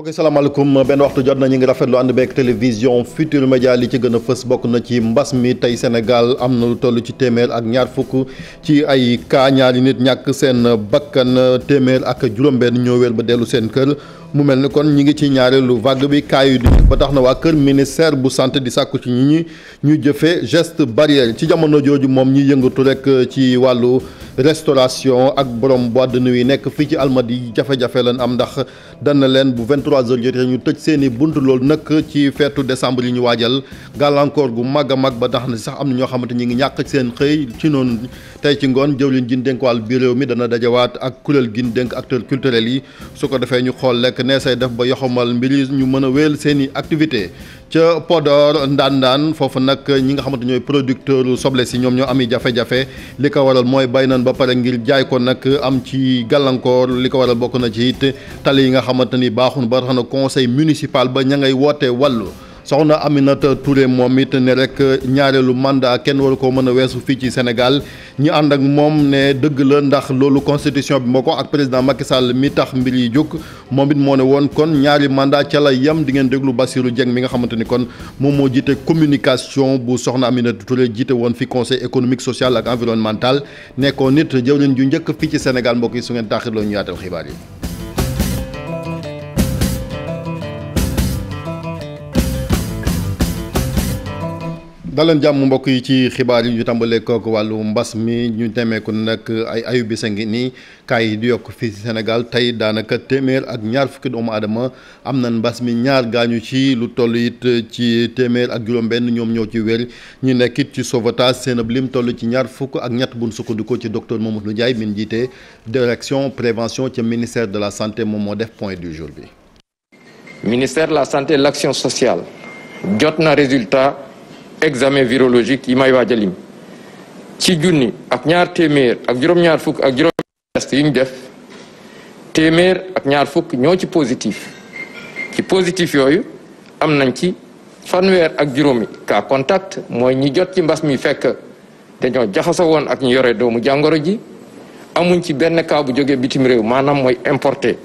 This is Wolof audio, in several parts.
mbokk salaamaaleykum benn waxtu jot na ñu ngi rafetlu ànd beeg télévision Futurs Médias li ci gën a fës bokk na ci mbas mi tey senegal am na lu toll ci téeméer ak ñaar fukk ci ay cas ñaari nit ñàkk seen bakkan téeméer ak juróom-benn ñoo wér ba dellu seen kër mu mel ni kon ñi ngi ci ñaareelu vague bi kaayi yu di ba tax na waa kër ministère bu sant di sàkku ci ñi ñu jëfe geste barrière ci jamono jooju moom ñi yëngatu rek ci wàllu. restauration ak borom boîte de nuit yi nekk fii ci Almadies jafe-jafe lan am ndax dana leen bu 23h jotee ñu tëj seeni buntu bunt loolu nag ci feetu décembre yi ñu waajal gàllankoor gu mag a mag ba tax na sax am na ñoo xamante ñi ngi ñàkk seen xëy ci noonu tey ci ngoon jëwlin jin dénk wàll biir réew mi dana dajawaat ak kuréel gin dénk acteurs culturels yi su ko defee ñu xool lekk nee say def ba yoxamal mbir yi ñu mën a wéyal seen i activité ca Podor Ndandaan foofu nag ñi nga xamante ñooy producteur soble si ñoom ñoo ami jafe-jafe li ko waral mooy bay nañ ba pare ngir jaay ko nag am ci gàllankoor li ko waral bokk na ci it tali yi nga xamante ni baaxuñu ba tax na conseil municipal ba ña ngay woote wàllu soxna Aminata Touré moom it ne rek ñaareelu mandat kenn waru ko mën a weesu fii ci Sénégal ñi ànd ak moom ne dëgg la ndax loolu constitution bi moo ko ak président Macky Sall mi tax mbir yi jóg moom it moo ne woon kon ñaari mandat ca la yem di ngeen déglu Bassirou Dieng mi nga xamante ni kon moom moo jiite communication bu soxna Aminata Touré jiite woon fi conseil économique social ak environnemental nekkoon nit jëw leen ju njëkk fii ci Sénégal mbokk yi su ngeen taaxirloo ñu yaatal xibaar yi daleen mu mbokk yi ci xibaar yi ñu tàmbalee kooku wàllu mbas mi ñu temeeku nag ay ayubés a ngi nii kaay yi di yokk fii ci Sénégal tey daanaka téeméer ak ñaar fukki doomu aadama am na mbas mi ñaar gaañu ci lu toll yit ci téeméer ak juróom-benn ñoom ñoo ci wér ñu nekk ci sauvetage seen ab lim toll ci ñaar fukk ak ñett bu nu sukkandiku ci docteur Mamadou Ndiaye mi jiite direction prévention ca ministère de la santé moom moo def point du jour bi. ministère de la santé l'action sociale examen virologique yi may waa a lim ci junni ak ñaar téeméer ak juróom-ñaar fukk ak juróom test yi ñu def téeméer ak ñaar fukk ñoo ci positif ci positif yooyu am nañ ci fanweer ak juróomi cas contact mooy ñi jot ci mbas mi fekk dañoo jaxaso woon ak ñu yore doomu jàngoro ji amuñ ci benn kaa bu jógee bitim réew maanaam mooy importé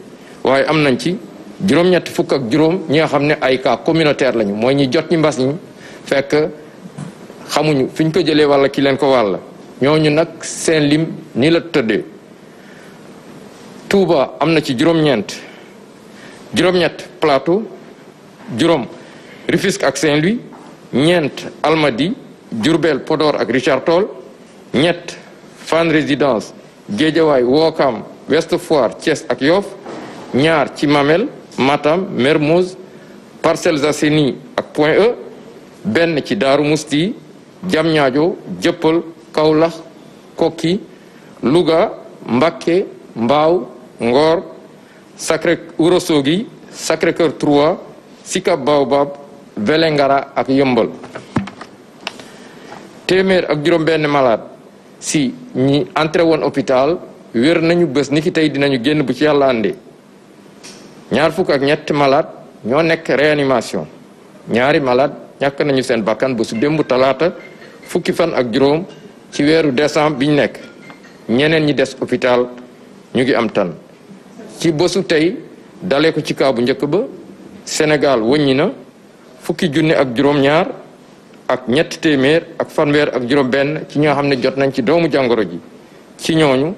waaye am nañ ci juróom-ñetti fukk ak juróom ñi nga xam ne ay ka communautaire lañu mooy ñi jot ñi mbas ñi fekk xamuñu fi ko jëlee walla ki leen ko wàll ñooñu nag seen lim ni la tëddee Touba am na ci juróom-ñeent juróom Plateau juróom Rufisque ak Saint-Louis ñeent Almadi jurbel Podor ak Richard Toll ñett Fann Résidence Guédiawaye Ouakam Ouest Foire Thiès ak Yoff ñaar ci Mamel Matam Mermoz Parcelles Assainies ak Point E benn ci Daaru Musti jam Diamniadio Dieuppeul Kaolack Koki Louga mbakke Mbao Ngor Sacré Ourossogui Sacré-Cœur 3 Sicap Baobab Vélingara ak Yeumbeul téeméer ak juróom-benn malade si ñi entré woon hôpital wér nañu bés niki ki tey dinañu génn bu ci yàlla àndee ñaar fukk ak ñetti malade ñoo nekk réanimation ñaari malade ñàkk nañu seen bakkan bésu démb talaata fukki fan ak juróom ci weeru desam biñ nekk ñeneen ñi des hôpital ñu ngi am tan ci bésu tey dalee ko ci kaw bu njëkk ba Sénégal wëññi na fukki junni ak juróom-ñaar ak ñett téeméer ak fanweer ak juróom-benn ci ñoo xam ne jot nañ ci doomu jàngoro ji ci ñooñu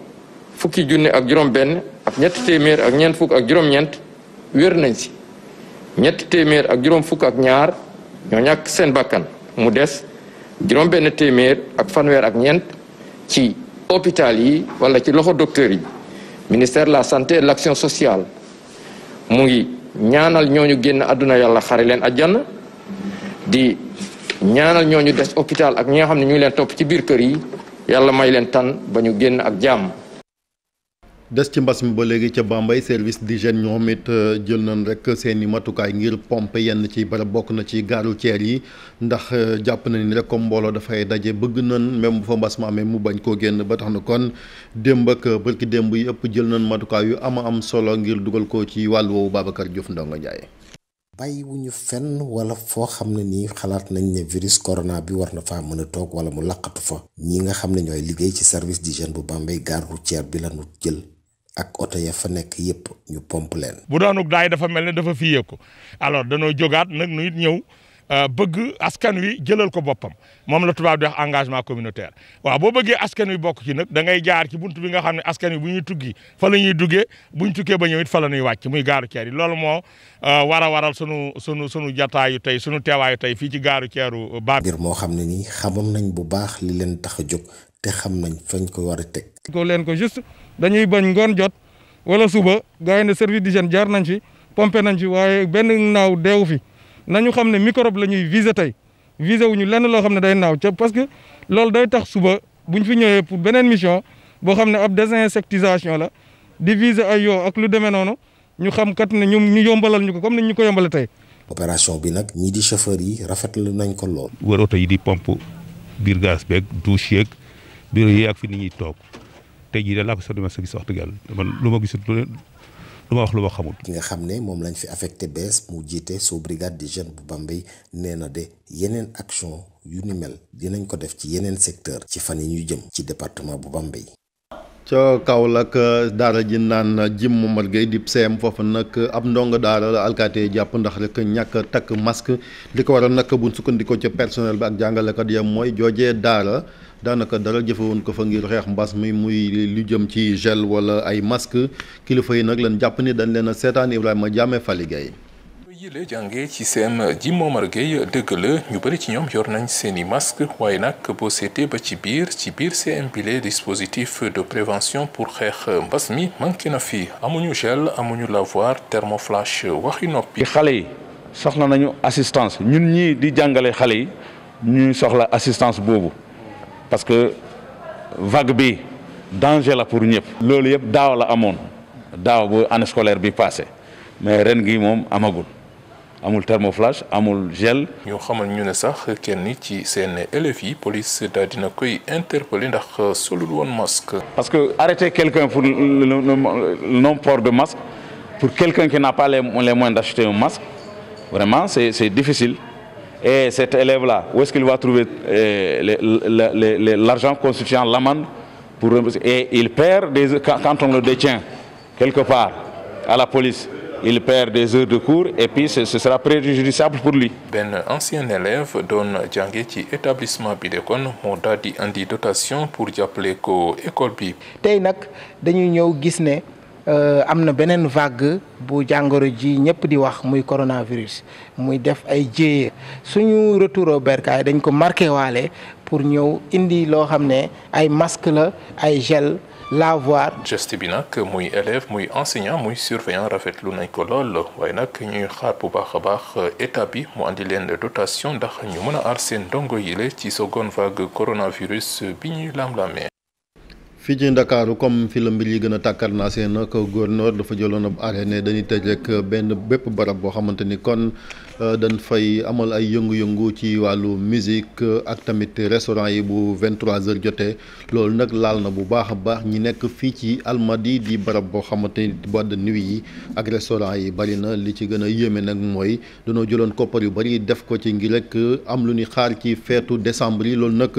fukki junni ak juróom-benn ak ñetti téeméer ak ñeent ak juróom wér nañ si ñetti ak juróom fukk ak ñaar ñoo ñàkk seen bakkan mu des juróom benn téeméer ak fanweer ak ñeent ci hôpital yi wala ci loxo docteur yi ministère la santé et de l'action sociale mu ngi ñaanal ñoo ñu génn àdduna yàlla xare leen àjjana di ñaanal ñoo ñu des hôpital ak ñi nga xam ne ñu ngi leen topp ci biir kër yi yàlla may leen tan ba ñu génn ak jàmm des ci mbas mi ba léegi ca Bambey service di d'hygiène ñoom it euh, jël nañ rek seeni matukaay ngir pompe yenn ci barab bokk na ci gaaru ceer yi ndax euh, jàpp nañ ni rek comme mbooloo dafay daje bëgg nañ même bu fa mbas ma amee mu bañ koo génn ba tax na kon démb ak euh, barki démb yi jël nañ matukaay yu ama am solo ngir dugal ko ci wàll woowu Babacar Diouf Ndongo Ndiaye. bàyyiwuñu fenn wala foo xam ne nii xalaat nañ ne virus corona bi war na faa mën a toog wala mu laqatu fa ñi nga xam ne ñooy liggéey ci service d'hygiène bu Bambey gare routière bi la ñu jël. ak oto ya fa nekk yëpp ñu pomp leen. bu doonuk daay dafa mel ne dafa fiyee ko alors danoo jógaat nag nu ñëw euh, bëgg askan wi jëlal ko boppam moom la tubaab di wax engagement communautaire waaw boo bëggee askan wi bokk ci nag da ngay jaar ci bunt bi nga xam ne askan wi bu ñuy tuggi fa la ñuy duggee bu ñu tukkee ba ñëw it fa la ñuy wàcc muy gaaru ceer yi loolu moo euh, war a waral sunu sunu sunu jataayu tey sunu teewaayu tey fii ci gaaru ceeru ba mbir moo xam ne nii xamoon nañ bu baax li leen tax a jóg te xam nañ fañ ko war a teg. leen ko dañuy bañ ngoon jot wala suba gars yi ne service d'hygiène jaar nañ ci pompé nañ ci waaye benn naaw deewu fi nañu xam ne microbe la ñuy visé tey wu ñu lenn loo xam ne day naaw ca parce que loolu day tax suba buñ fi ñëwee pour beneen mission boo xam ne ab désinsectisation la di visé ay yoo ak lu demee noonu ñu xam kat ne ñu ñu yombalal ñu ko comme ni ñu ko yombale tey. opération bi nag ñii di chauffeur yi rafetlu nañ ko lool. wër oto yi di pomp biir gaz beeg douche yeeg bureau yi ak fi ñuy toog. tey jii de laa ko soxla ma sa gis wax dëgg lu ma gisul lu ma wax lu ma xamul. ki nga xam ne moom lañ fi affecté bees mu jiite sous brigade des jeunes bu Bambey nee na de yeneen action yu ni mel dinañ ko def ci yeneen secteur ci fan yi ñuy jëm ci département bu Bambey. ca Kaolack daara ji naan jim Momar Gueye di CM e foofu nag ab ndongo daara la alkaate jàpp ndax rek ñàkk takk masque li ko waral nag buñ sukkandikoo ca personnel bi ak jàngalekat ya mooy joojee daara. daanaka dara jëfewoon ko fa ngir xeex mbas mi muy lu jëm ci gel wala ay masque kilifa yi nag lan jàpp ni dañ leen a seetaan Ibrahima Diame Fally Gueye yile jànge ci CM ji Momar Gueye dëgg la ñu bëri ci ñoom yor nañ seeni masque waaye nag boo seetee ba ci biir ci biir CM bi le dispositif de prévention pour xeex mbas mi manqué na fii amuñu gel amuñu lavoir thermoflash waxi noppi xale yi soxla nañu assistance ñun ñii di jàngale xale yi ñuy soxla assistance boobu parce que vague bi danger la pour ñëpp. loolu yëpp daaw la amoon daaw bu année scolaire bi passé mais ren gi moom amagul amul thermoflash amul gel. ñu xamal ñu ne sax kenn ci seen élèves yi police daal dina koy interpeller ndax solul woon masque. parce que arrêter quelqu'un pour le non port de masque pour quelqu'un qui n'a pas les les moyens d'acheter un masque vraiment c'est c'est difficile. et cet élève-là, où est-ce qu'il va trouver euh, l'argent constituant l'amende pour Et il perd des quand on le détient quelque part à la police. Il perd des heures de cours et puis ce, ce sera préjudiciable pour lui. ben ancien élève doon jànge ci établissement bi de kon moo daal di dotation pour jàppale ko école bi. tey nag dañuy ñëw gis ne. Euh, am na beneen vague bu jàngoro ji ñëpp di wax muy coronavirus muy def ay jéyee suñu retour au dañ ko marqué waale pour ñëw indi loo xam ne ay masque la ay gel lavoir geste bi nag muy élève muy enseignant muy surveillant rafetlu nañ ko lool waaye nag ñuy xaar bu baax a baax état bi mu andi leen dotation ndax ñu mën a aar seen ndongo yi la ci seconde vague coronavirus bi ñuy lam-lamee fii ci Ndakaaru comme fi la mbir yi gën a tàkkar naa seen nag gouverneur dafa jëloon ab arrêté ne dañuy tëj rek benn bépp barab boo xamante ni kon Euh, dañ fay amal ay yëngu-yëngu ci wàllu musique euh, ak tamit restaurant yi bu 23h jote loolu nag laal na bu baax a baax ñi nekk fii ci Almadi di barab boo xamante ni boîte yi ak restaurant yi bari na li ci gën a yéeme nag mooy dañoo jëloon koppar yu bari def ko ci ngir rek euh, am lu ñuy xaar ci feetu décembre loolu nag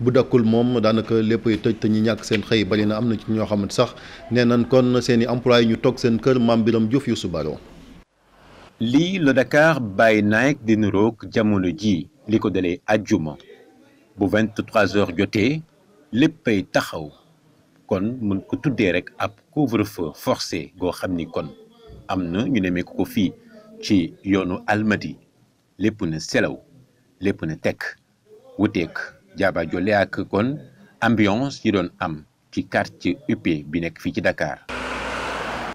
bu dakkul moom daanaka lépp léppay tëj te ñu ñàkk seen xëy bari na am na ci ñoo xamante sax nee nañ kon seen i employé ñu toog seen kër Mame Birame Diouf Youssou Baro lii la Dakar By Night di niroog jamono ji li ko dalee àjjuma bu 23h jotee léppay taxaw kon mën ko tuddee rek ab couvre-feu forcé goo xam ni kon am na ñu nemmeeku ko fii ci yoonu Almadi lépp na selew lépp na tekk wuteek jaaba jole ak kon ambiance yi doon am ci quartier UP bi nekk fii ci Dakar.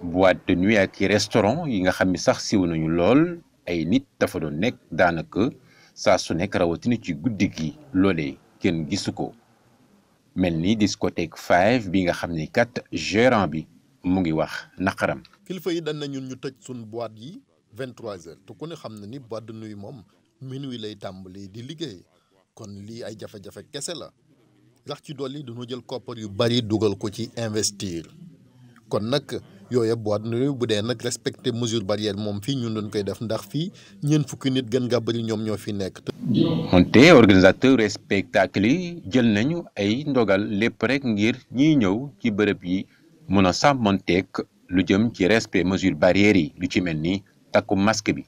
boîte de nuit ak i restaurant yi nga xam ni sax siiw nañu lool ay nit dafa doon nekk daanaka saa su nekk rawatina ci guddi gi loolee kenn gisu ko mel ni discothèque five bi nga xam ni kat gérant bi mu ngi wax naqaram. kilifa yi dañ na ñun ñu tëj suñu boîte yi 23h te ku ne xam na ni boîte de nuit moom minuit lay tàmbali di liggéey kon lii ay jafe-jafe kese la ndax ci dolli dañoo jël koppar yu bari dugal ko ci investir. kon nag yooya boîte nuyu bu dee nag respecté mesure barrière moom fii ñun doon koy def ndax fii ñeent fukki nit gën gaa bëri ñoom ñoo fi nekk. wante organisateur spectacle yi jël nañu ay ndogal lépp rek ngir ñiy ñëw ci bërëb yi mën a sàmmanteeg lu jëm ci respect mesure barrière yi lu ci mel ni takku masque bi.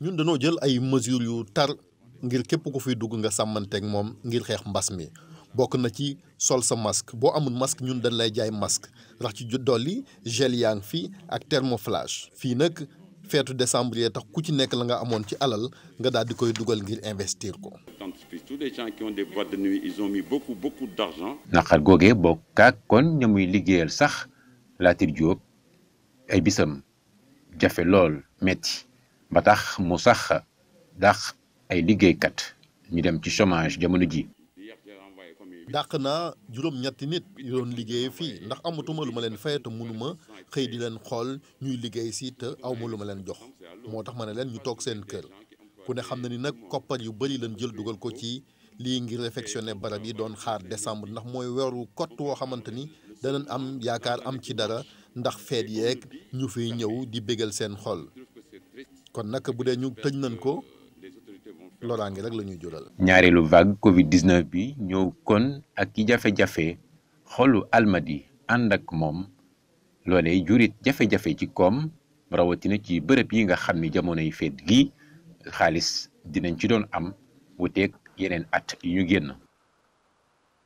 ñun dañoo jël ay mesures yu tar ngir képp ku fiy dugg nga sàmmanteeg moom ngir xeex mbas mi. bokk na ci sol sa masque boo amul masque ñun dañ lay jaay masque rax ci dolli gel yaa ngi fii ak thermoflash fii nag feetu décembre yee tax ku ci nekk la nga amoon ci alal nga daal di koy dugal ngir investir ko. tous les gens de nuit ils ont mis beaucoup beaucoup d'argent. naqar googee bokk kon ña liggéeyal sax Latir Diop ay bisam jafe lool metti ba tax mu sax dax ay liggéeykat ñu dem ci chômage jamono ji. dàq naa juróom-ñetti nit yu doon liggéey fii ndax amatuma lu ma leen fay te mënuma xëy di leen xool ñuy liggéey si te awma lu ma leen jox moo tax ma ne leen ñu toog seen kër ku ne xam na ni nag koppar yu bëri leen jël dugal ko ci lii ngir réfectionner barab yi doon xaar décembre ndax mooy weeru kott woo xamante ni danañ am yaakaar am ci dara ndax feet yeeg ñu fiy ñëw di bégal seen xool kon nag bu dee ñu tëj nañ ko loraange rek la ñuy ñaareelu vague Covid bi ñëw kon ak i jafe-jafe xolu almadi ànd ak moom loolee jurit jafe-jafe ci koom rawatina ci bërëb yi nga xam ni jamonoy feet gi xaalis dinañ ci doon am wuteeg yeneen at yu ñu génn.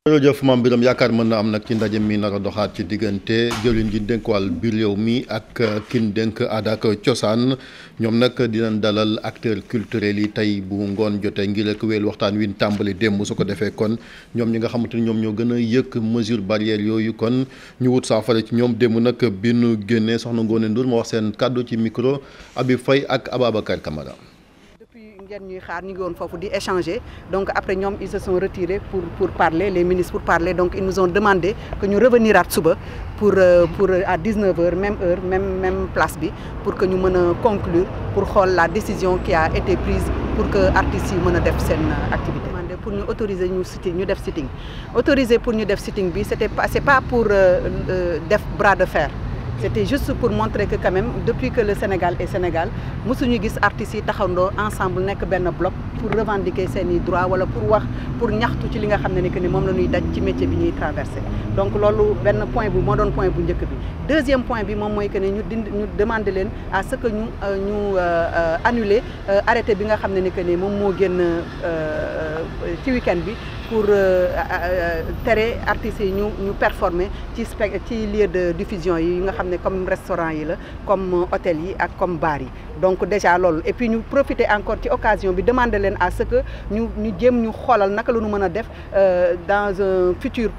jërëjëf maam Biram yaakaar mën na am nag ci ndaje mi nar doxaat ci diggante jëwlin ji dénk wàll biir réew mi ak uh, kin dénk aada ak cosaan ñoom nag dinañ dalal acteur culturel yi tey bu ngoon jotee ngir ak wéel waxtaan win tàmbali démb su ko defee kon ñoom ñi nga xamante ni ñoom ñoo gën a yëkk mesure barrière yooyu kon ñu wut saafara ci ñoom démb nag bi nu génnee soxna Ngoone Ndour ma wax seen kàddu ci micro Habib fay ak Ababacar Camara ñoom ñuy xaar ñu ngi woon foofu di échanger donc après ñoom ils se sont retirés pour pour parler les ministres pour parler donc ils nous ont demandé que ñu revenir aat suba pour euh, pour euh, à 19h même heure même même place bi pour que ñu mën a conclure pour xool la décision qui a été prise pour que artistes yi mën a def seen euh, activité. pour ñu autoriser ñu sitting ñu def sitting autoriser pour ñu def sitting bi c'était pas c'est pas pour def bras de fer. c'était juste pour montrer que quand même depuis que le Sénégal est Sénégal mosuñu gis artistes yi taxandoo ensemble nekk benn bloc pour revendiquer seeni droits wala pour wax pour ñaxtu ci li nga xam ne ni que ni moom la ñuy daj ci métier bi ñuy traversé donc loolu benn point bu moo doon point bu njëkk bi deuxième point bi moom mooy que ñu dindi ñu demander leen à ce que ñu euh, ñu euh, euh, annuler arrêté bi nga xam ne ni que ni moom moo génn ci week-end bi pour euh, euh, tere artistes yi ñu ñu performer ci spec ci lieu de diffusion yi nga xam ne comme restaurant yi la comme euh, hôtel yi ak comme baar yi donc déjà loolu et puis ñu profiter encore ci occasion bi demander leen à ce que ñu ñu jéem ñu xoolal naka la ñu mën a def dans un futur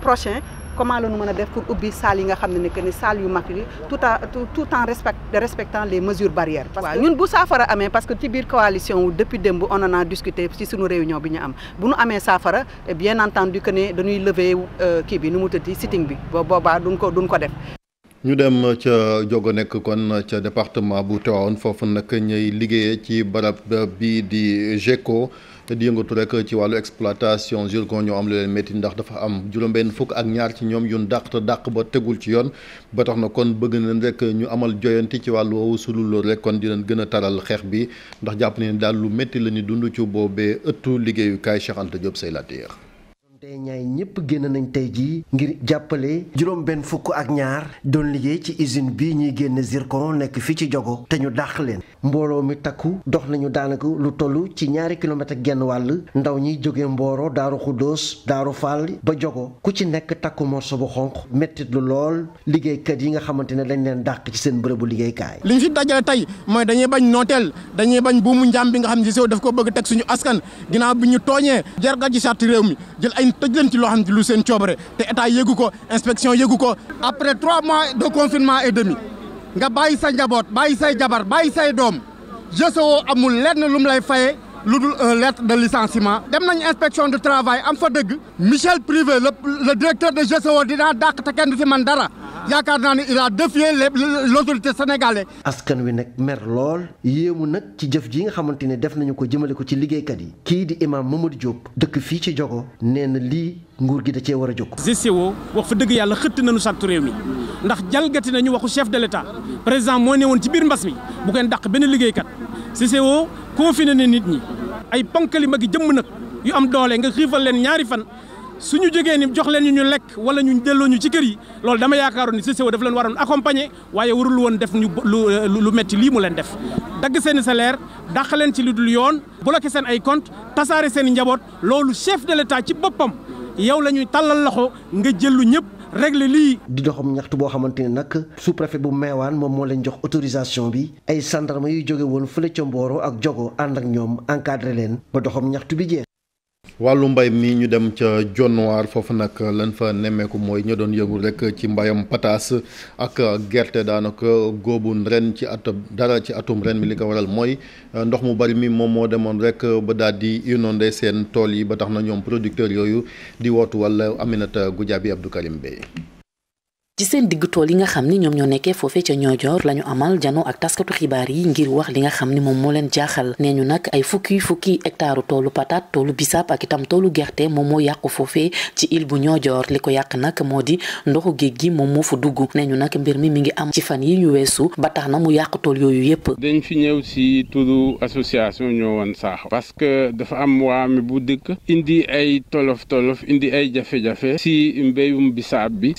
prochain comment la ñu mën a def pour ubbi salle yi nga xam ne ne ni ne salle yu mag yi tout en tout en respect respectant les mesures barrières. waaw ñun bu saafara amee parce que ci biir coalition wu depuis démb on en a discuté ci suñu réunion bi ñu am bu ñu amee saafara eh bien entendu que ne dañuy lever euh, kii bi nu mu tëddi sitting bi boobaa duñ ko duñ ko def. ñu dem ca Diogo nekk kon ca département bu Tivaouane foofu nag ñuy liggéeye ci barab bii di te di yëngatu rekk ci wàllu exploitation zircon ñoo am lu leen métti ndax dafa am juróom-benn fukk ak ñaar ci ñoom yun dàq te dàq ba tegul ci yoon ba tax na kon bëgg nañ rek ñu amal joyanti ci wàllu woowu su dul loolu rek kon dinañ gën a taral xeex bi ndax jàpp ni daal lu métti la ñu dund ci boobee ëttu liggéeyukaay Cheikh Anta Diop say ñaay ñëpp génn nañu tey jii ngir jàppale juróom benn fukk ak ñaar doon liggéey ci usine bi ñuy génne zircon nekk fii ci jogo te ñu dàq leen mbooloo mi takku dox nañu daanaka lu toll ci ñaari kilomètre genn wàll ndaw ñi jóge Mboro Daaru Xuddoos Daaru Fall ba Diogo ku ci nekk takku morso bu xonq mettit lu lool liggéeykat yi nga xamante ne dañ leen dàq ci seen bërëbu liggéeykaay li ñu fi dajale tey mooy dañuy bañ nooteel dañuy bañ buumu njaam bi nga xam ne si daf ko bëgg teg suñu askan teg ci loo xam ne seen coobare te état yëgu ko inspection yëgu ko après trois mois de confinement et demi nga bàyyi sa njaboot bàyyi say jabar bàyyi say doom GCO amul lenn lu mu lay faye lu dul un lettre de licenciement dem nañ inspection du travail am fa dëgg Michel Privé le le directeur de GCO dinaa dàq te kenn du fi man dara yaakaar naa ne il a défié l'autorité sénégalaise. askan wi nag mer lool yéemu nag ci jëf ji nga xamante ne def nañu ko jëmale ko ci liggéeykat yi kii di imaam Mamadou Diop dëkk fii ci Jogo nee na lii nguur gi da cee war a jóg. GCO wax fa dëgg yàlla xëtt nañu sàrtu réew mi ndax jalgati nañu waxu chef de l' état président moo ne ci biir mbas mi bu kenn dàq benn liggéeykat GCO confiné ne nit ñi ay ponkali magi jëmm nag yu am doole nga xiifal leen ñaari fan suñu jógee ni jox leen ñu ñu lekk wala ñu delloo ñu ci kër yi loolu dama yaakaaroon ni CCO daf leen waroon accompagner waaye warul woon def ñu lu lu metti lii mu leen def dagg seen salaire dàq leen ci lu dul yoon bloqué seen ay compte tasaare seen njaboot loolu chef de l'État ci boppam yow la ñuy tàllal loxo nga jël lu ñëpp régler lii. di doxam ñaxtu boo xamante ne nag su préfet bu Meewaan moom moo leen jox autorisation bi ay sandarma yuy jóge woon la ca Mboro ak Jogo ànd ak ñoom encadré leen ba doxam ñaxtu bi jeex. wàllu mbay mi ñu dem ca jonwaar foofu nag lan fa nemmeeku mooy ñu doon yëgul rek ci mbayam pataas ak gerte daanaka góobun ren ci at dara ci atum ren mi li ko waral mooy euh, ndox mu bari mi moom moo demoon rek ba daal di inondé seen tool yi ba tax na ñoom producteurs yooyu di wootu wala Aminata Goudiaby Abdou Karim Beye ci seen digg tool yi nga xam ni ñoom ñoo nekkee foofee ca ñoojoor lañu amal jano ak taskatu xibaar yi ngir wax li nga xam ni moom moo leen jaaxal nee ñu nag ay fukki fukki hectare toolu patate toolu bisaab ak itam toolu gerte moom moo yàqu foofee ci île bu ñoojoor li ko yàq nag moo di ndoxu géej gi moom moo fa dugg nee ñu nag mbir mi mi ngi am ci fan yi ñu weesu ba tax na mu yàq tool yooyu yépp dañ fi ñëw si turu association ñoo woon saax parce que dafa am waa mi bu dëkk indi ay tolof tolof indi ay jafe-jafe si mbéyum bisaab bi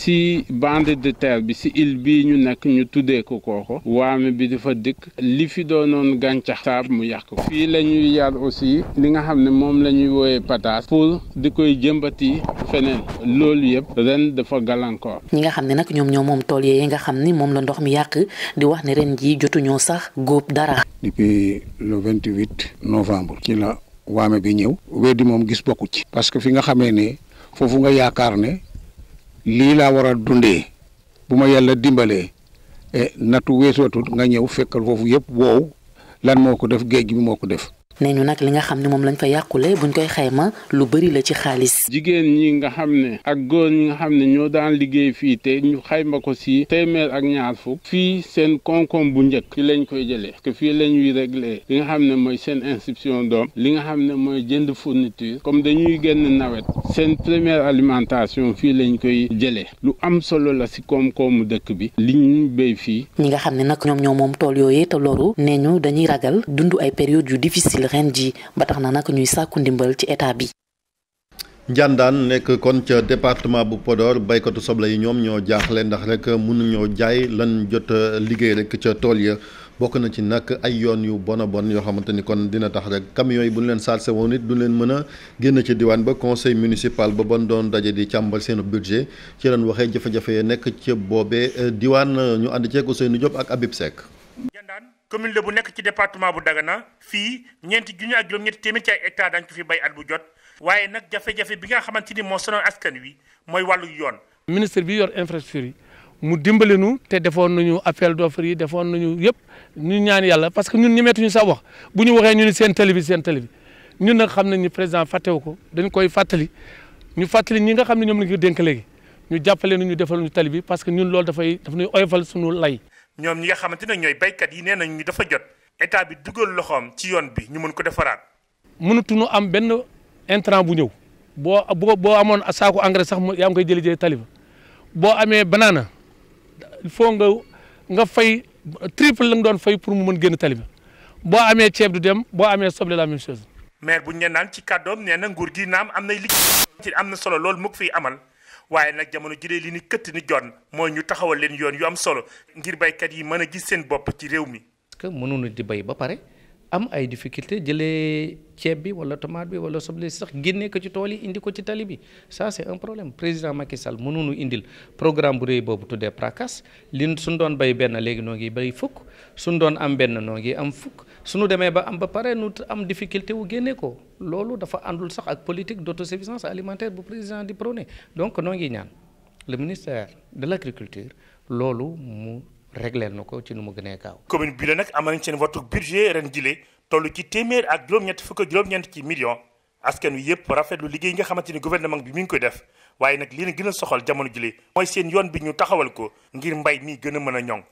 grande de terre bi si île bii ñu nekk ñu tuddee ko kooko waame bi dafa dikk li fi doonoon gàncax saab mu yàq ko fii la ñuy aussi li nga xam ne moom la ñuy wooyee pataas pour di koy jëmbati feneen loolu yëpp ren dafa gàllankoor. ñi nga xam ne nag ñoom ñoo moom tool yi nga xam ni moom la ndox mi yàq di wax ne ren jii jotuñoo sax góob dara. depuis le novembre. ci la waame bi ñëw. weddi moom gis bokku ci. parce que fi nga xamee ne foofu nga yaakaar ne lii la war a dundee bu ma yàlla dimbalee eh, nattu weesootul nga ñëw fekkal foofu yëpp woow lan moo ko def géej gi moo ko def nee ñu nag li nga xam ne moom lañ fa yàqule ñu koy xayma lu bari la ci xaalis. jigéen ñi nga xam ne ak góor ñi nga xam ne ñoo daan liggéey fii te ñu xayma ko si téeméer ak ñaar fukk fii seen koom-koom bu njëkk lañ koy jëlee parce fii la ñuy réglé li nga xam ne mooy seen inscription doom li nga xam ne mooy jënd fourniture comme dañuy génn nawet seen première alimentation fii lañ koy jëlee lu am solo la si koom-koomu dëkk bi li ñu béy fii. ñi nga xam ne nag ñoom ñoo moom tool yooyu te loru nee ñu dañuy ragal dund ay période yu difficile amal ren ji ba tax na nag ñuy sàkku ndimbal ci état bi. Njàndaan nekk kon ca département bu podoor baykatu soble yi ñoom ñoo jaaxle ndax rek mënuñoo jaay lan jot liggéey rek ca tool ya bokk na ci nag ay yoon yu bon a bon yoo xamante ni kon dina tax rek camions yi bu ñu leen saal woon it du leen mën a génn ci diwaan ba conseil municipal ba ban doon daje di càmbal seenu budget ci leen waxee jafe-jafe nekk ca boobe diwaan ñu ànd ceeg Ousseynou Diop ak Habib commune la bu nekk ci département bu na fii ñeenti junni ak juróom-ñetti téeméer ci ay hectares dañ ko fi bay at bu jot waaye nag jafe-jafe bi nga xamante ni moo sonal askan wi mooy wàllu yoon. ministre bi yor infrastructure mu dimbali nu te defoon nañu appel d'offre yi defoon nañu yëpp ñu ñaan yàlla parce que ñun ñu sax wax bu ñu waxee ñu ni seen tali bi seen tali bi ñun nag xam nañ ni président fàttewu ko dañu koy fàttali ñu fàttali ñi nga xam ne ñoom la ñu ko dénk ñu jàppale nu ñu defal tali bi parce que ñun loolu dafay daf ñuy oyofal suñu lay. ñoom ñi nga xamante ne ñooy béykat yi nee nañ ñu dafa jot état bi dugal loxoom ci yoon bi ñu mën ko defaraat. mënatuñu am benn intrant bu ñëw boo boo amoon saako engrais sax yaa ngi koy jëlee jëlee taliba boo amee banaana il faut nga nga fay triple la nga doon fay pour mu mën génn taliba boo amee ceeb du dem boo amee soble la même chose. maire bu ñu naan ci kàddoom nee na nguur gi naam am nay liggéey ci am na solo loolu mu ko fiy amal. waaye nag jamono jëlee li ni këtt ni jon mooy ñu taxawal leen yoon yu am solo ngir baykat yi mën a gis seen bopp ci réew mi. parce que mënuñu di bay ba pare. am ay difficulté jëlee ceeb bi wala tomate bi wala soble si sax génne ko ci tool yi indi ko ci tali bi ça c'est un problème président Macky Sall mënuñu indil programme bu rëy boobu tuddee PRACAS li suñ doon bay benn léegi noo ngi bay fukk suñ doon am benn noo ngi am fukk suñu demee ba am ba pare nu am difficulté wu génne ko loolu dafa àndul sax ak politique d'autosuffisance alimentaire bu président di prone donc noo ngi ñaan le ministère de l'agriculture loolu mu réglé na ko ci nu mu gënee gaaw. commune bi la nag am nañ seen votu budget ren jile toll ci téeméer ak juróom-ñett fukk ak juróom-ñeent ci million askan wi yëpp rafetlu liggéey nga xamante ni gouvernement bi mu ngi koy def waaye nag li na gën a soxal jamono jile mooy seen yoon bi ñu taxawal ko ngir mbay mi gën a mën a ñoŋ.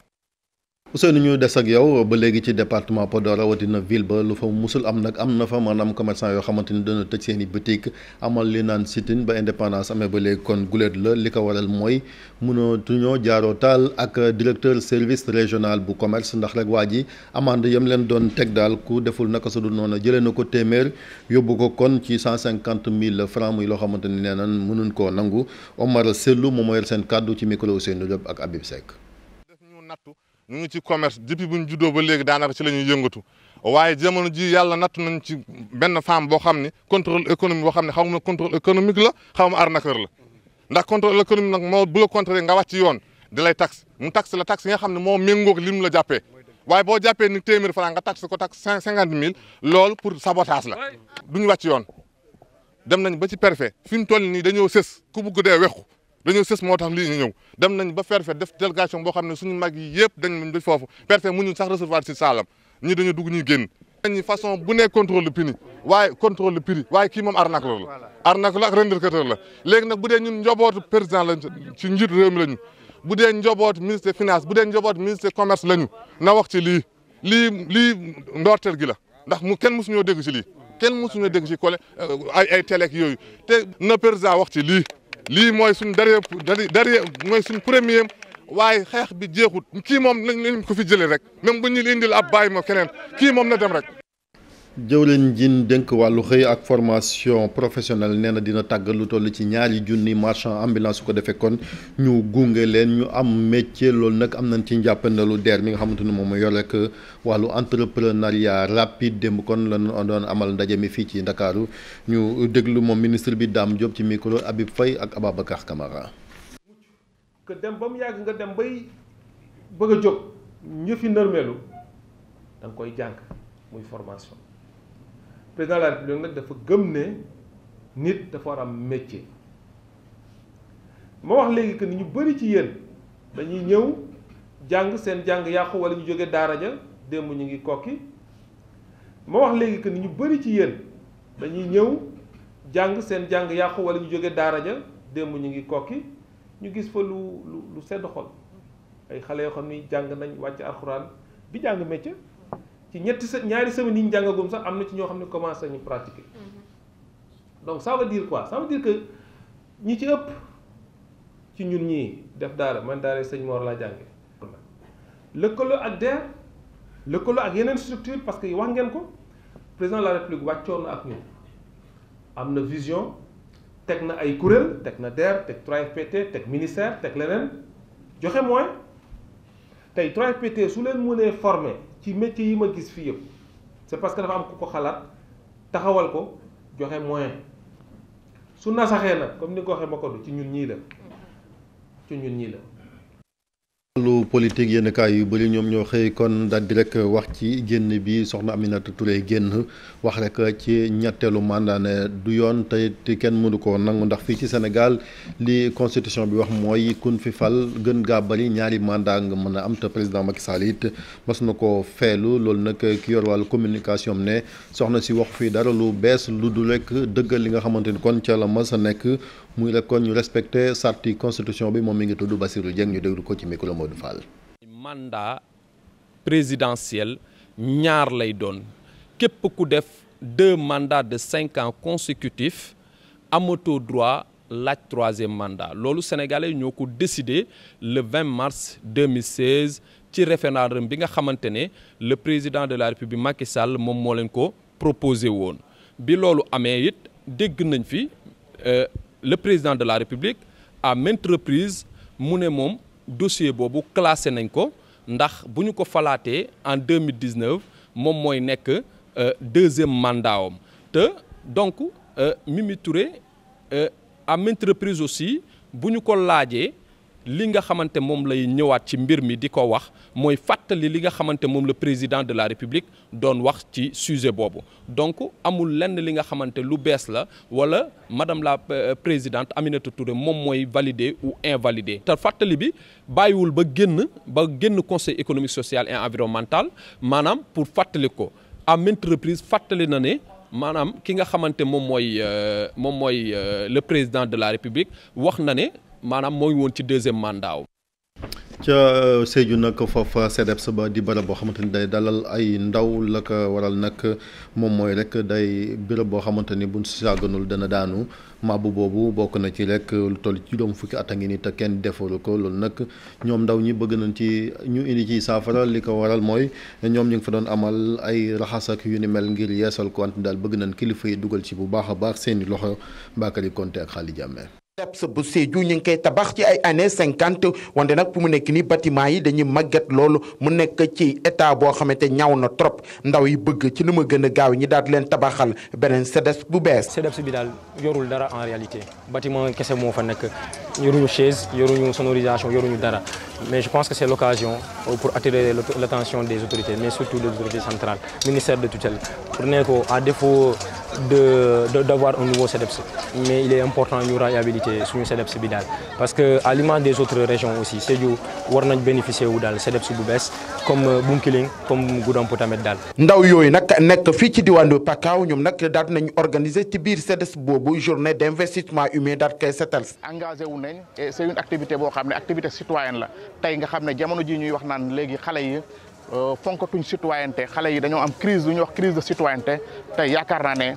Ousseynou ñu des ak yow ba léegi ci département Podor rawatina ville ba lu fa musul am nag am na fa maanaam commerçant yoo xamante ni dana tëj seen i boutique amal li naan sitin ba indépendance amee ba léegi kon guléet la li ko waral mooy mënatuñoo jaaroo taal ak directeur service régional bu commerce ndax rek waa ji amande yam leen doon teg daal ku deful naka su dul noonu jëlee na ko téeméer yóbbu ko kon ci cent cinquante mille francs muy loo xamante ni nee nan mënuñ koo nangu Omar Sellou moom moo yor seen kàddu ci micro Ousseynou Diop ak Habib Seck. ñu ngi ci commerce depuis bu ñu juddoo ba léegi daanaka ci la ñuy yëngatu waaye jamono ji yàlla natt nañ ci benn femme boo xam ne contrôle économique boo xam ne xaw ma contrôle économique la xaw ma arnaqueur la ndax contrôle économique nag moo bu la contrôlé nga wàcc yoon di lay mu taxe la taxe yi nga xam ne moo méngóog lim la jàppee waaye boo jàppee ni téeméer franc nga taxe ko taxe cinq cinquante mille lool pour sabotage la duñu wàcc yoon dem nañ ba ci préfet fi ñu toll nii dañoo sës ku bugg dee wexu dañoo sës moo tax lii ñu ñëw dem nañ ba préfet def délégation boo xam ne suñu mag yi yëpp dañ dañ foofu préfet mu ñu sax recevoir si saalam ñi dañu dugg ñuy génn dañu façon bu ne contrôle le prix waaye contrôle le prix waaye la arnaqueur la ak revendicateur la léegi nag bu dee ñun njobootu président lañ ci njiit réew mi lañu bu dee finance bu dee njoboot ministre commerce lañu na wax ci lii lii lii ndorteel gi la ndax mu kenn mësuñoo dégg ci lii kenn mësuñoo dégg ci collé euh, ay ay teleek na président wax ci lii lii mooy suñ derrière derrière mooy suñ premier waaye xeex bi jeexut kii moom nañ ko fi jëlee rek même bu ñu indil ab bàyyi ma keneen kii moom na dem rek. jëwleen jin dénk wàllu xëy ak formation professionnelle nee na dina tàggal lu toll ci ñaari junni marchand ambulant su ko defee kon ñu gunge leen ñu am métier loolu nag am nañ ci njàppandalu DER mi nga xamante ni moom mooy yore rek wàllu entrepreneuriat rapide démb kon la doon amal ndaje mi fii ci Ndakaaru ñu déglu moom ministre bi Dame Diop ci micro Habib fay ak Ababacar Camara. que dem ba mu yàgg nga dem bay bëgg a jóg ñu fi nërmeelu da koy jàng muy formation. président de la république nag dafa gëm ne nit dafa war am métier ma wax léegi que ni ñu bëri ci yéen dañuy ñëw jàng seen jàng yàqu walla ñu jóge daara ja démb ñu ngi kokki ma wax léegi que ni ñu bëri ci yéen dañuy ñëw jàng seen jàng yàqu wala ñu jóge daara ja démb ñu ngi kokki ñu gis fa lu lu lu sedd xol ay xale yoo xam ni jàng nañ wàcc alxuraan bi jàng métier. ci ñetti se ñaari semaines yi jànga jàngagum sax am na ci ñoo xam ne commencé ñu pratiquer mm-hmm. donc ça veut dire quoi ça veut dire que ñi ci ëpp ci ñun ñii def daal man daara sëñ Mor laa jànge lëkkaloo ak DER lëkkaloo ak yeneen structure parce que wax ngeen ko président de la république wàccoon na ak ñun am na vision teg na ay kuréel teg na DER teg 3FPT teg ministère teg leneen joxe mooy tey 3FPT su leen mënee former ci métier yi ma gis fii yëpp c'est parce que dafa am ku ko xalaat taxawal ko joxe moyen su nasaxee nag comme ni nga ko waxee ma ko du ci ñun ñii la ci ñun ñii la wàllu politique yenn kaay yu bëri ñoom ñoo xëy kon daal di rek wax ci génn bi soxna Aminata Touré génn wax rek ci ñetteelu mandat ne du yoon te kenn mënu ko nangu ndax fii ci senegal li constitution bi wax mooy kun fi fal gën gaa ñaari mandat nga mën a am te président Macky Sall it na ko feelu loolu nag ki yor wàllu communication ne soxna si wax fii dara lu bees lu du rek dëggal li nga xamante ni kon ca la mas a nekk muy la kon ñu respecté sarti constitution bi moom mi ngi tudd Bassirou Dieng ñu déglu ko ci micro Modou Fall. mandat présidentiel ñaar lay doon képp ku def deux mandats de cinq ans consécutifs amatoo droit laaj troisième mandat loolu sénégalais ñoo ko décidé le 20 mars 2016 ci référendum bi nga xamante ne le président de la république Macky Sall moom moo leen ko proposé woon bi loolu amee it dégg nañ fi. Euh, le président de la république à maintes mu ne moom dossier boobu classé nañ ko ndax bu ñu ko falaatee en 2019 moom mooy nekk euh, deuxième mandaawam te donc euh, Mimi Touré euh, à maintes aussi bu ñu ko laajee li nga xamante moom lay ñëwaat ci mbir mi di ko wax mooy fàttali li nga xamante moom la président de la république doon wax ci sujet boobu donc amul lenn li nga xamante lu bees la wala madame la euh, présidente Aminata Touré moom mooy valider ou invalider. te fàttali bi bàyyiwul ba génn ba génn conseil économique social et environnemental maanaam pour fàttali ko à maintes fàttali na ne. maanaam ki nga xamante moom mooy euh, moom mooy euh, le président de la république wax na ne maanaam moo ngi woon ci deuxième mandat wu ca euh, Sédhiou nag foofa CDEPS ba di bërëb boo xamante ni day dalal ay ndaw la ko waral nag moom mooy rek day bërëb boo xamante ni buñ sàgganul dana daanu màbbu boobu bokk na ci rek lu toll ci juróom fukki at a ngi ni te kenn defaru ko loolu nag ñoom ndaw ñi bëgg nañ ci ñu indi ci saafara li ko waral mooy ñoom ñu ngi fa doon amal ay raxas ak yu ni mel ngir yeesal ko wante daal bëgg nañ kilifa yi dugal ci bu baax a baax seeni loxo Bakary Konte ak Xaali SOPS bu Sédhiou ñu ngi koy tabax ci ay années cinquante wante nag fu mu nekk nii bâtiment yi dañuy màgget loolu mu nekk ci état boo xamante ñaaw na trop ndaw yi bëgg ci nu ma gën gaaw ñi daal leen tabaxal beneen SEDEPS bu bees. SEDEPS bi daal yorul dara en réalité bâtiment kese moo fa nekk yoruñu chaise yoruñu sonorisation yoruñu dara mais je pense que c' est pour attirer l' attention des autorités mais surtout des autorités centrales ministère de t pour d'avoir de, de, un nouveau CEDEPS. Mais il est important de réhabiliter ce daal Parce que l'image des autres régions aussi, c'est du Warnak bénéficier du bu Boubès, comme euh, Bunkiling, comme Goudan tamit daal Ndaw yooyu nak nek fi ci diwanu Pakao ñom nak daat nañ organiser ci bir CEDEPS bobu journée d'investissement humain daat kay sétal. Engagé wu nañ et c'est une activité bo xamné activité citoyenne la. tey nga xam ne jamono ji ñuy wax naan légui xalé yi Euh, fonkatuñ citoyenneté xale yi dañoo am crise lu ñuy wax crise de citoyenneté tey yaakaar naa ne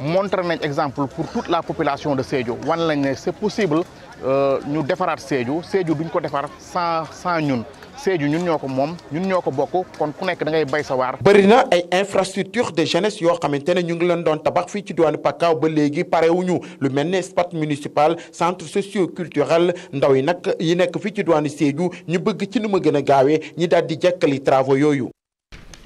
montre nañ exemple pour toute la population de Sédhiou wan lañ ne c'est possible euh, ñu defaraat Sédhiou Sédhiou duñ ko defar sans sans ñun Sédhiou ñun ñoo ko moom ñun ñoo ko bokk kon ku nekk da ngay bay sa waar. bëri na ay infrastructure de jeunesse yoo xamante ne ñu ngi leen doon tabax fi ci diwaanu Pakaaw ba léegi parewuñu lu mel ne espace municipal centre socio-culturel ndaw yi nag yi nekk fii ci diwaanu Sédhiou ñu bëgg ci nu ma gën a gaawee ñi daal di jekkali travaux yooyu.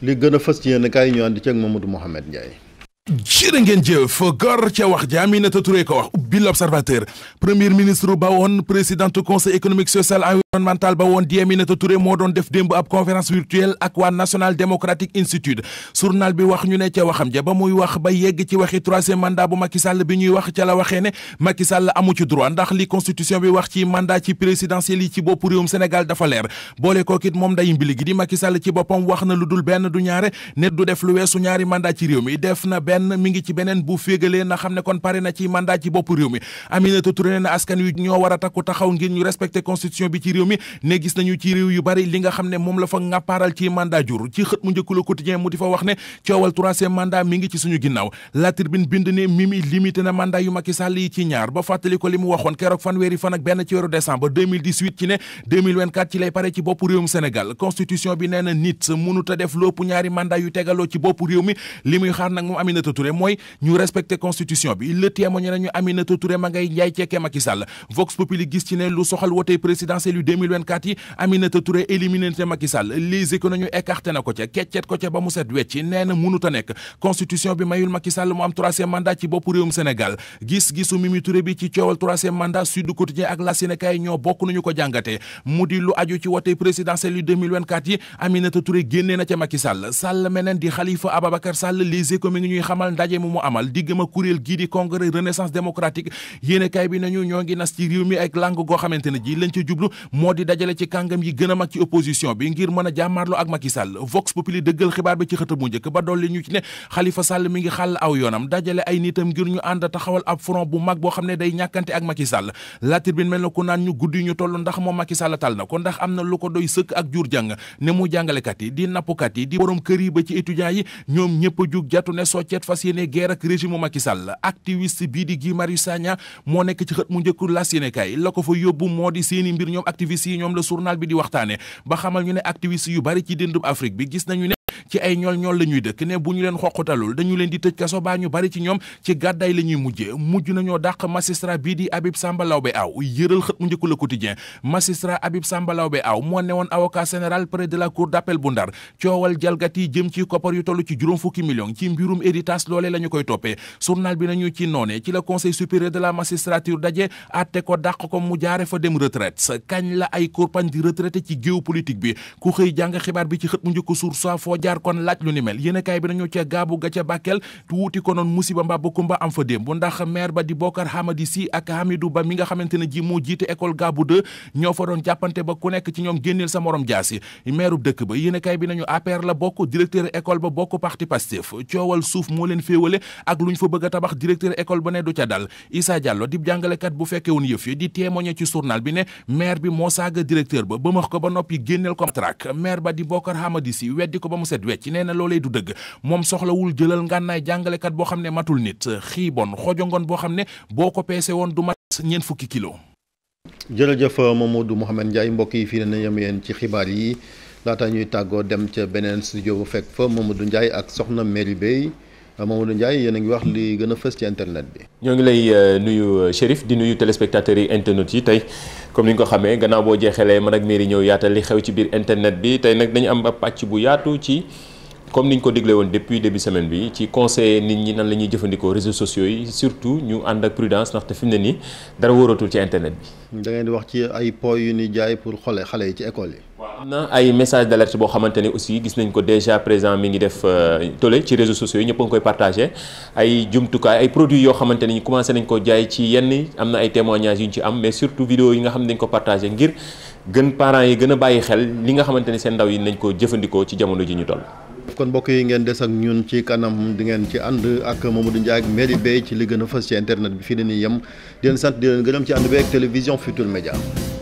li gën a fës ci yéen kaay ñu ànd ceeg Mamadou Mouhamed Ndiaye. jërë ngeen jëf gor ca wax ja Aminata e ko wax ubbi l'observateur premier ministre ba woon présidente conseil économique social gouvernemental ba woon di Aminata Touré moo doon def démb ab conférence virtuelle ak waa National Democratic Institute journal bi wax ñu ne ca waxam ja ba muy wax ba yegg ci waxi troisième mandat bu Macky Sall bi ñuy wax ca la waxee ne Macky Sall amu ci droit ndax li constitution bi wax ci mandat ci présidentiel yi ci bopp réewum Sénégal dafa leer boole kooku it moom day mbili gi di Macky Sall ci boppam wax na lu dul benn du ñaare ne du def lu weesu ñaari mandat ci réew mi na benn mi ngi ci beneen bu féegalee xam ne kon pare na ci mandat ci bopp réew mi Aminata Touré ne na askan bi ci réew mi ne gis nañu ci réew yu bari li nga xam ne moom la fa ngàppaaral ci mandat jur ci xët mu njëkk Le mu di fa wax ne coowal troisième mandat mi ngi ci suñu ginnaaw La Tribune bind ne Mimi limité na mandat yu Macky yi ci ñaar ba fàttali li mu waxoon keroog fanweeri fan ak benn ci weeru décembre ci ne ci lay pare ci bopp réew mi li muy xaar nag moom Aminata Touré mooy ñu respecté constitution bi le témoigné nañu Aminata Touré ma ngay njaay 2024 yi Aminata Touré éliminé te Macky Sall les économies écarté na ko ca keccet ko ca ba mu set wecc nee na a nekk constitution bi mayul Macky Sall mu am troisième mandat ci bopp réewum Sénégal gis-gisu Mimi Touré bi ci coowal troisième mandat Sud Quotidien ak la Sénégal ñoo bokk nañu ko jàngatee mu di lu aju ci wote présidentielle yu 2024 yi Aminata Touré génnee na ca Macky Sall Sall meneen di Khalifa Ababacar moo di dajale ci kàngam yi gën a mag ci opposition bi ngir mën a jàmmaarloo ak Macky Sall Vox Populi dëggal xibaar bi ci xët bu njëkk ba dolli ñu ne Khalifa Sall mi ngi xàll aw yoonam dajale ay nitam ngir ñu ànd taxawal ab front bu mag boo xam ne day ñàkkante ak Macky Sall La Tribune mel na ku naan ñu guddi ñu toll ndax moom Macky Sall tal na ko ndax am na lu ko doy sëkk ak jur jàng ne mu jàngalekat yi di nappkat yi di borom kër yi ba ci étudiants yi ñoom ñëpp a jug jàttu ne soccet fas yéene guerre ak régime Macky Sall activiste bii di Guy Marius Sagna moo nekk ci xët mu njëkk Las Yéenekaay la ko fa yóbbu moo di seeni mbir ñoom activiste activistes yi ñoom la journal bi di waxtaane ba xamal ñu ne yu bari ci dëndub Afrique bi gis nañu ne ci ay ñool ñool la ñuy dëkk ne bu ñu leen xoqutalul dañu leen di tëj kaso baa ñu bari ci ñoom ci gàddaay la ñuy mujjee mujj nañoo dàq magistrat bii di Habib Samba Lawbe Aw yëral xët mu njëkk Le Quotidien magistrat Habib Samba Lawbe Aw moo newoon avocat général près de la cour d'appel bu Ndar coowal jalgati jëm ci koppar yu toll ci juróom fukki million ci mbirum héritage loolee la koy toppee journal bi nañu ci noone ci la conseil supérieur de la magistrature daje àtte ko dàq ko mu jaare fa dem retraite kañ la ay kurpañ di retraité ci géopolitique bi ku xëy jàng xibaar bi ci xët mu njëkk Source A jaar kon laaj lu ni mel yéen bi nañu ca gaabu ga ca Bakel tuuti ko noon musiba mbaa bokkumba am fa démb ndax maire ba di Bokar Hamadi ak Hamidou Ba mi nga xamante ne ji moo jiite école gaabu 2 ñoo fa doon jàppante ba ku nekk ci ñoom génneel sa morom jaasi maire bu dëkk ba yéen bi nañu APR la bokk directeur école ba bokk parti Pastef coowal suuf moo leen féewale ak lu ñu fa bëgg tabax directeur école ba ne du ca dal Issa Diallo di set wecc nee na loolee du dëgg moom soxlawul jëlal ngànnaay jàngalekat boo xam ne matul nit xiibon bon xojongoon boo xam ne boo ko peese woon du mat ñeent fukki kilo jërëjëf Mamadou Mouhamed Ndiaye mbokk yi fii ne na yem ci xibaar yi laata ñuy tàggoo dem ca beneen studio bu fekk fa Mamadou Ndiaye ak soxna meri Bey Mamadou Ndiaye yéen a ngi wax li gën a fës ci internet bi. ñoo ngi lay euh, nuyu euh, Chérif di nuyu téléspectateurs yi internet yi tey comme ni nga ko xamee gannaaw boo man ak Merry ñëw xew ci biir internet bi tey nag dañu am ab pàcc bu yaatu ci comme ni ñu ko digle woon depuis début semaine bi ci conseiller nit ñi nan la ñuy jëfandikoo réseaux sociaux yi surtout ñu ànd ak prudence ndaxte fi mu ne nii dara wóoratul ci internet bi. da di wax ci ay po yu ni jaay pour xole xale yi ci école yi. waaw am na ay message d' boo xamante ne aussi gis nañ ko déjà présent mi ngi def euh, tollé ci réseaux sociaux yi ñëpp a koy partagé ay jumtukaay ay produits yoo xamante ne commencé nañ ko jaay ci yenn am na ay témoignages yu ñu ci am mais surtout vidéo yi nga xam ne dañ ko partagé ngir gën parents yi gën a bàyyi xel li nga xamante ne seen ndaw yi nañ ko jëfandikoo ci jamono ji ñu toll. kon mbokk yi ngeen des ak ñun ci kanam di ngeen ci ànd ak Mamadou Ndiaye ak Mary ci li gën a fës ci bi fii la ñuy yem di leen di leen gërëm ci ànd bi ak télévision Futurs Médias